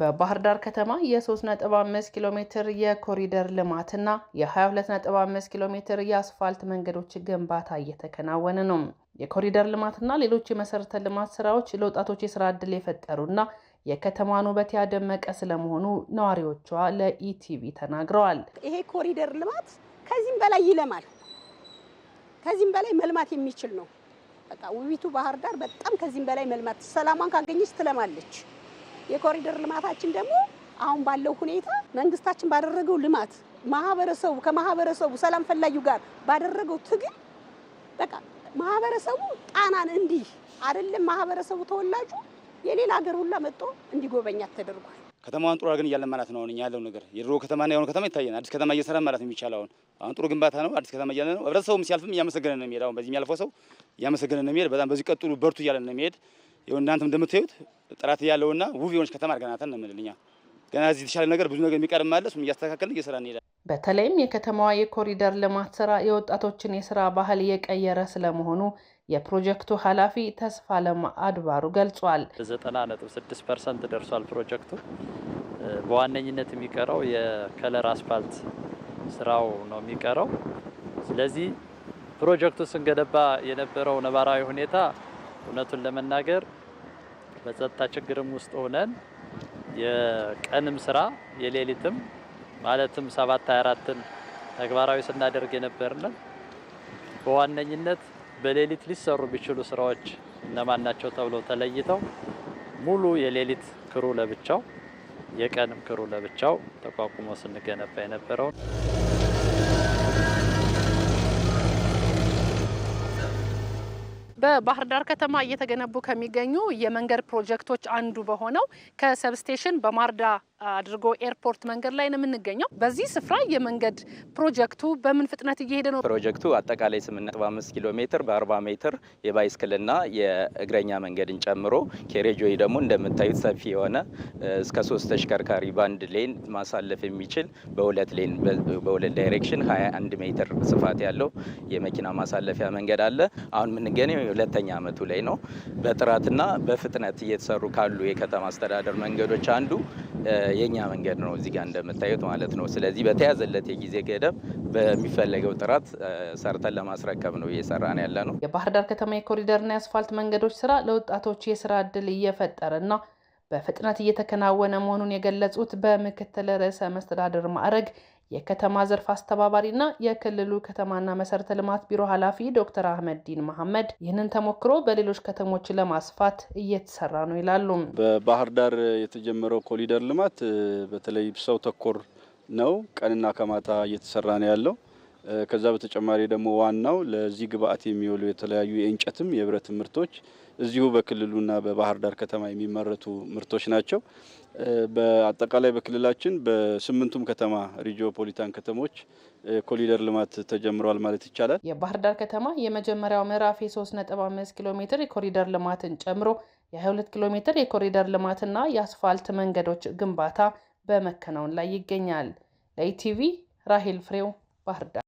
በባህር ዳር ከተማ የ3.5 ኪሎ ሜትር የኮሪደር ልማትና የ22.5 ኪሎ ሜትር የአስፋልት መንገዶች ግንባታ እየተከናወነ ነው። የኮሪደር ልማትና ሌሎች የመሰረተ ልማት ስራዎች ለወጣቶች የስራ ዕድል የፈጠሩና የከተማዋን ውበት ያደመቀ ስለመሆኑ ነዋሪዎቿ ለኢቲቪ ተናግረዋል። ይሄ ኮሪደር ልማት ከዚህም በላይ ይለማል፣ ከዚህም በላይ መልማት የሚችል ነው። በቃ ውቢቱ ባህር ዳር በጣም ከዚህም በላይ መልማት ሰላሟን ካገኘች ትለማለች። የኮሪደር ልማታችን ደግሞ አሁን ባለው ሁኔታ መንግስታችን ባደረገው ልማት ማህበረሰቡ ከማህበረሰቡ ሰላም ፈላጊው ጋር ባደረገው ትግል በቃ ማህበረሰቡ ጣናን እንዲህ አይደለም ማህበረሰቡ ተወላጁ የሌላ ሀገር ሁላ መጥቶ እንዲጎበኛት ተደርጓል። ከተማዋን ጥሩ አድርገን እያለን ማለት ነው። አሁን እኛ ያለው ነገር የድሮ ከተማና የሆነ ከተማ ይታየን። አዲስ ከተማ እየሰራ ማለት ነው የሚቻለው አሁን አሁን ጥሩ ግንባታ ነው። አዲስ ከተማ እያለ ነው። ህብረተሰቡም ሲያልፍም እያመሰገነ ነው የሚሄድ። አሁን በዚህ የሚያልፈው ሰው እያመሰገነ ነው የሚሄድ። በጣም በዚህ ቀጥሉ በርቱ እያለን ነው የሚሄድ። ይኸው እናንተም እንደምታዩት ጥራት ያለውና ውብ የሆነች ከተማ አድርገናታል ነው የምንልኛ። ገና እዚህ የተሻለ ነገር ብዙ ነገር የሚቀርም አለ። እሱም እያስተካከልን እየሰራ እንሄዳለን። በተለይም የከተማዋ የኮሪደር ልማት ስራ የወጣቶችን የስራ ባህል የቀየረ ስለመሆኑ የፕሮጀክቱ ኃላፊ ተስፋ ለማ አድባሩ ገልጿል። ዘጠና ነጥብ ስድስት ፐርሰንት ደርሷል ፕሮጀክቱ። በዋነኝነት የሚቀረው የከለር አስፋልት ስራው ነው የሚቀረው። ስለዚህ ፕሮጀክቱ ስንገነባ የነበረው ነባራዊ ሁኔታ እውነቱን ለመናገር በጸጥታ ችግርም ውስጥ ሆነን የቀንም ስራ የሌሊትም ማለትም ሰባት 24 አራትን ተግባራዊ ስናደርግ የነበርንን በዋነኝነት በሌሊት ሊሰሩ የሚችሉ ስራዎች እነማን ናቸው ተብለው ተለይተው ሙሉ የሌሊት ክሩ ለብቻው የቀንም ክሩ ለብቻው ተቋቁሞ ስንገነባ የነበረው በባህር ዳር ከተማ እየተገነቡ ከሚገኙ የመንገድ ፕሮጀክቶች አንዱ በሆነው ከሰብስቴሽን በማርዳ አድርጎ ኤርፖርት መንገድ ላይ ነው የምንገኘው። በዚህ ስፍራ የመንገድ ፕሮጀክቱ በምን ፍጥነት እየሄደ ነው? ፕሮጀክቱ አጠቃላይ 8.5 ኪሎ ሜትር በ40 ሜትር የባይስክልና የእግረኛ መንገድን ጨምሮ ኬሬጆይ ደግሞ እንደምታዩት ሰፊ የሆነ እስከ ሶስት ተሽከርካሪ በአንድ ሌን ማሳለፍ የሚችል በሁለት ሌን በሁለት ዳይሬክሽን 21 ሜትር ስፋት ያለው የመኪና ማሳለፊያ መንገድ አለ። አሁን የምንገኘው የሁለተኛ ዓመቱ ላይ ነው። በጥራትና በፍጥነት እየተሰሩ ካሉ የከተማ አስተዳደር መንገዶች አንዱ የኛ መንገድ ነው እዚህ ጋር እንደምታዩት ማለት ነው። ስለዚህ በተያዘለት የጊዜ ገደብ በሚፈለገው ጥራት ሰርተን ለማስረከብ ነው እየሰራን ያለ ነው። የባህር ዳር ከተማ የኮሪደርና የአስፋልት መንገዶች ስራ ለወጣቶች የስራ እድል እየፈጠረና በፍጥነት እየተከናወነ መሆኑን የገለጹት በምክትል ርዕሰ መስተዳድር ማዕረግ የከተማ ዘርፍ አስተባባሪና የክልሉ ከተማና መሰረተ ልማት ቢሮ ኃላፊ ዶክተር አህመድ ዲን መሐመድ ይህንን ተሞክሮ በሌሎች ከተሞች ለማስፋት እየተሰራ ነው ይላሉ። በባህር ዳር የተጀመረው ኮሊደር ልማት በተለይ ሰው ተኮር ነው። ቀንና ከማታ እየተሰራ ነው ያለው። ከዛ በተጨማሪ ደግሞ ዋናው ለዚህ ግብአት የሚውሉ የተለያዩ የእንጨትም የብረት ምርቶች እዚሁ በክልሉና በባህር ዳር ከተማ የሚመረቱ ምርቶች ናቸው። በአጠቃላይ በክልላችን በስምንቱም ከተማ ሪጂኦፖሊታን ከተሞች ኮሊደር ልማት ተጀምሯል ማለት ይቻላል። የባህር ዳር ከተማ የመጀመሪያው ምዕራፍ የ3.5 ኪሎ ሜትር የኮሪደር ልማትን ጨምሮ የ22 ኪሎ ሜትር የኮሪደር ልማትና የአስፋልት መንገዶች ግንባታ በመከናወን ላይ ይገኛል። ለኢቲቪ ራሄል ፍሬው ባህር ዳር